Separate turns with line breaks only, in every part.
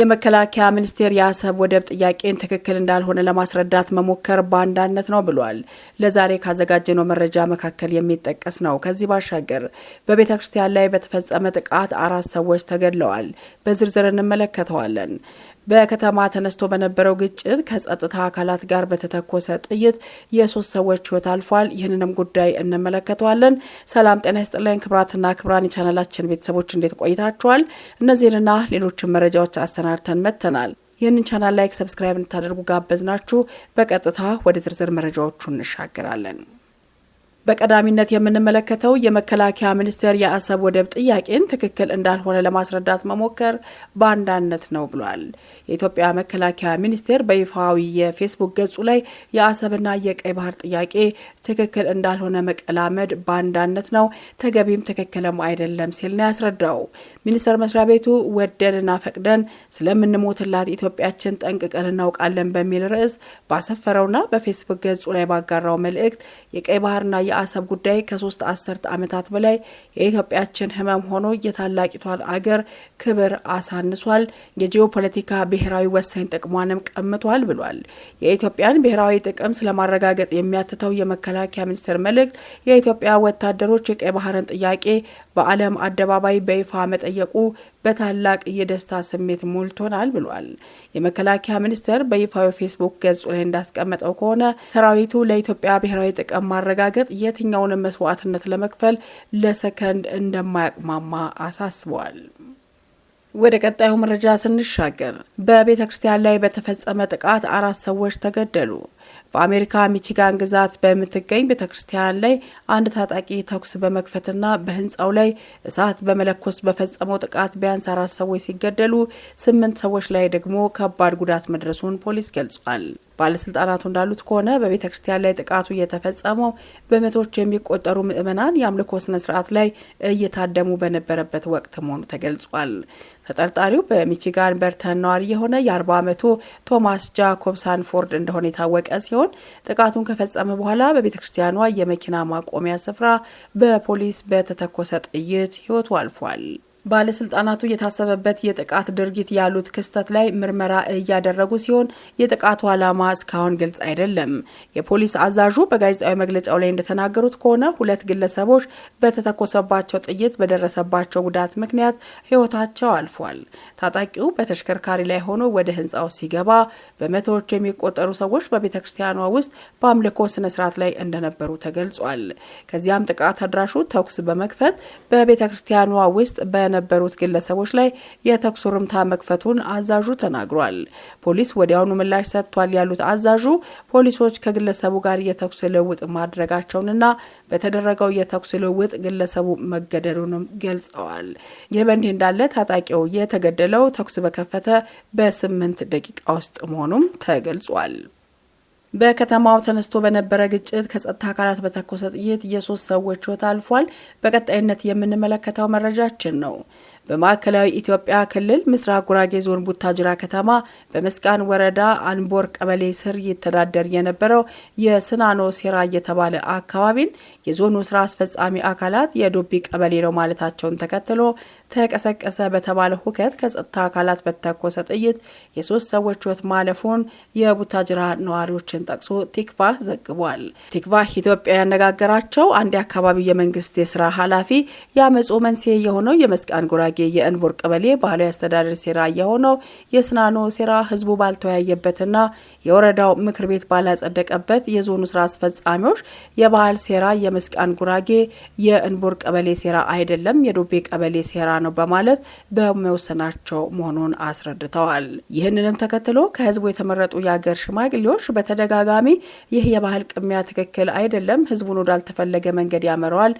የመከላከያ ሚኒስቴር የአሰብ ወደብ ጥያቄን ትክክል እንዳልሆነ ለማስረዳት መሞከር ባንዳነት ነው ብሏል። ለዛሬ ካዘጋጀነው መረጃ መካከል የሚጠቀስ ነው። ከዚህ ባሻገር በቤተ ክርስቲያን ላይ በተፈጸመ ጥቃት አራት ሰዎች ተገድለዋል። በዝርዝር እንመለከተዋለን። በከተማ ተነስቶ በነበረው ግጭት ከጸጥታ አካላት ጋር በተተኮሰ ጥይት የሶስት ሰዎች ህይወት አልፏል። ይህንንም ጉዳይ እንመለከተዋለን። ሰላም ጤና ይስጥልኝ ክብራትና ክብራን የቻናላችን ቤተሰቦች እንዴት ቆይታችኋል? እነዚህንና ሌሎችን መረጃዎች አሰናድተን መጥተናል። ይህንን ቻናል ላይክ፣ ሰብስክራይብ እንድታደርጉ ጋበዝናችሁ። በቀጥታ ወደ ዝርዝር መረጃዎቹ እንሻገራለን። በቀዳሚነት የምንመለከተው የመከላከያ ሚኒስቴር የአሰብ ወደብ ጥያቄን ትክክል እንዳልሆነ ለማስረዳት መሞከር በአንዳነት ነው ብሏል። የኢትዮጵያ መከላከያ ሚኒስቴር በይፋዊ የፌስቡክ ገጹ ላይ የአሰብና የቀይ ባህር ጥያቄ ትክክል እንዳልሆነ መቀላመድ በአንዳነት ነው፣ ተገቢም ትክክልም አይደለም ሲል ነው ያስረዳው። ሚኒስቴር መስሪያ ቤቱ ወደንና ፈቅደን ስለምንሞትላት ኢትዮጵያችን ጠንቅቀን እናውቃለን በሚል ርዕስ ባሰፈረውና በፌስቡክ ገጹ ላይ ባጋራው መልእክት የቀይ ባህርና የአሰብ ጉዳይ ከሶስት አስርት ዓመታት በላይ የኢትዮጵያችን ህመም ሆኖ የታላቂቷን አገር ክብር አሳንሷል፣ የጂኦፖለቲካ ብሔራዊ ወሳኝ ጥቅሟንም ቀምቷል ብሏል። የኢትዮጵያን ብሔራዊ ጥቅም ስለማረጋገጥ የሚያትተው የመከላከያ ሚኒስቴር መልእክት የኢትዮጵያ ወታደሮች የቀይ ባህርን ጥያቄ በዓለም አደባባይ በይፋ መጠየቁ በታላቅ የደስታ ስሜት ሞልቶናል ብሏል። የመከላከያ ሚኒስቴር በይፋዊ ፌስቡክ ገጹ ላይ እንዳስቀመጠው ከሆነ ሰራዊቱ ለኢትዮጵያ ብሔራዊ ጥቅም ማረጋገጥ የትኛውንም መስዋዕትነት ለመክፈል ለሰከንድ እንደማያቅማማ አሳስበዋል። ወደ ቀጣዩ መረጃ ስንሻገር በቤተ ክርስቲያን ላይ በተፈጸመ ጥቃት አራት ሰዎች ተገደሉ። በአሜሪካ ሚቺጋን ግዛት በምትገኝ ቤተ ክርስቲያን ላይ አንድ ታጣቂ ተኩስ በመክፈትና በህንፃው ላይ እሳት በመለኮስ በፈጸመው ጥቃት ቢያንስ አራት ሰዎች ሲገደሉ ስምንት ሰዎች ላይ ደግሞ ከባድ ጉዳት መድረሱን ፖሊስ ገልጿል። ባለስልጣናቱ እንዳሉት ከሆነ በቤተ ክርስቲያን ላይ ጥቃቱ እየተፈጸመው በመቶዎች የሚቆጠሩ ምዕመናን የአምልኮ ስነ ስርዓት ላይ እየታደሙ በነበረበት ወቅት መሆኑ ተገልጿል። ተጠርጣሪው በሚቺጋን በርተን ነዋሪ የሆነ የ40 ዓመቱ ቶማስ ጃኮብ ሳንፎርድ እንደሆነ የታወቀ ሲሆን ጥቃቱን ከፈጸመ በኋላ በቤተ ክርስቲያኗ የመኪና ማቆሚያ ስፍራ በፖሊስ በተተኮሰ ጥይት ህይወቱ አልፏል። ባለስልጣናቱ የታሰበበት የጥቃት ድርጊት ያሉት ክስተት ላይ ምርመራ እያደረጉ ሲሆን የጥቃቱ ዓላማ እስካሁን ግልጽ አይደለም። የፖሊስ አዛዡ በጋዜጣዊ መግለጫው ላይ እንደተናገሩት ከሆነ ሁለት ግለሰቦች በተተኮሰባቸው ጥይት በደረሰባቸው ጉዳት ምክንያት ሕይወታቸው አልፏል። ታጣቂው በተሽከርካሪ ላይ ሆኖ ወደ ህንፃው ሲገባ በመቶዎች የሚቆጠሩ ሰዎች በቤተ ክርስቲያኗ ውስጥ በአምልኮ ስነ ስርዓት ላይ እንደነበሩ ተገልጿል። ከዚያም ጥቃት አድራሹ ተኩስ በመክፈት በቤተ ክርስቲያኗ ውስጥ በ በነበሩት ግለሰቦች ላይ የተኩስ ርምታ መክፈቱን አዛዡ ተናግሯል። ፖሊስ ወዲያውኑ ምላሽ ሰጥቷል ያሉት አዛዡ ፖሊሶች ከግለሰቡ ጋር የተኩስ ልውውጥ ማድረጋቸውንና በተደረገው የተኩስ ልውውጥ ግለሰቡ መገደሉንም ገልጸዋል። ይህ በእንዲህ እንዳለ ታጣቂው የተገደለው ተኩስ በከፈተ በስምንት ደቂቃ ውስጥ መሆኑም ተገልጿል። በከተማው ተነስቶ በነበረ ግጭት ከጸጥታ አካላት በተኮሰ ጥይት የሶስት ሰዎች ህይወት አልፏል። በቀጣይነት የምንመለከተው መረጃችን ነው። በማዕከላዊ ኢትዮጵያ ክልል ምስራቅ ጉራጌ ዞን ቡታጅራ ከተማ በመስቃን ወረዳ አንቦር ቀበሌ ስር ይተዳደር የነበረው የስናኖ ሴራ እየተባለ አካባቢን የዞኑ ስራ አስፈጻሚ አካላት የዶቢ ቀበሌ ነው ማለታቸውን ተከትሎ ተቀሰቀሰ በተባለ ሁከት ከጸጥታ አካላት በተኮሰ ጥይት የሶስት ሰዎች ሕይወት ማለፉን የቡታጅራ ነዋሪዎችን ጠቅሶ ቲክቫህ ዘግቧል። ቲክቫህ ኢትዮጵያ ያነጋገራቸው አንድ የአካባቢው የመንግስት የስራ ኃላፊ የአመፁ መንስኤ የሆነው የመስቃን ጉራ ጉራጌ የእንቦር ቀበሌ ባህላዊ አስተዳደር ሴራ የሆነው የስናኖ ሴራ ህዝቡ ባልተወያየበትና የወረዳው ምክር ቤት ባላጸደቀበት የዞኑ ስራ አስፈጻሚዎች የባህል ሴራ የመስቃን ጉራጌ የእንቦር ቀበሌ ሴራ አይደለም፣ የዶቤ ቀበሌ ሴራ ነው በማለት በመወሰናቸው መሆኑን አስረድተዋል። ይህንንም ተከትሎ ከህዝቡ የተመረጡ የአገር ሽማግሌዎች በተደጋጋሚ ይህ የባህል ቅሚያ ትክክል አይደለም፣ ህዝቡን ወዳልተፈለገ መንገድ ያመረዋል፣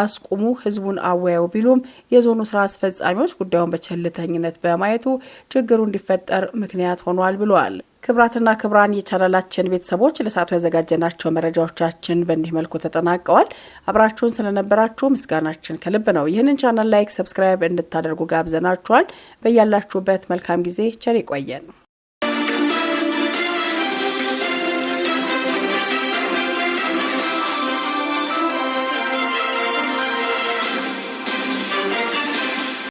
አስቁሙ፣ ህዝቡን አወያዩ ቢሉም የዞኑ ስራ አስፈጻሚ አስፈጻሚዎች ጉዳዩን በቸልተኝነት በማየቱ ችግሩ እንዲፈጠር ምክንያት ሆኗል ብለዋል። ክብራትና ክብራን የቻናላችን ቤተሰቦች ለሰዓቱ ያዘጋጀናቸው መረጃዎቻችን በእንዲህ መልኩ ተጠናቀዋል። አብራችሁን ስለነበራችሁ ምስጋናችን ከልብ ነው። ይህንን ቻናል ላይክ፣ ሰብስክራይብ እንድታደርጉ ጋብዘናችኋል። በያላችሁበት መልካም ጊዜ ቸር ይቆየን።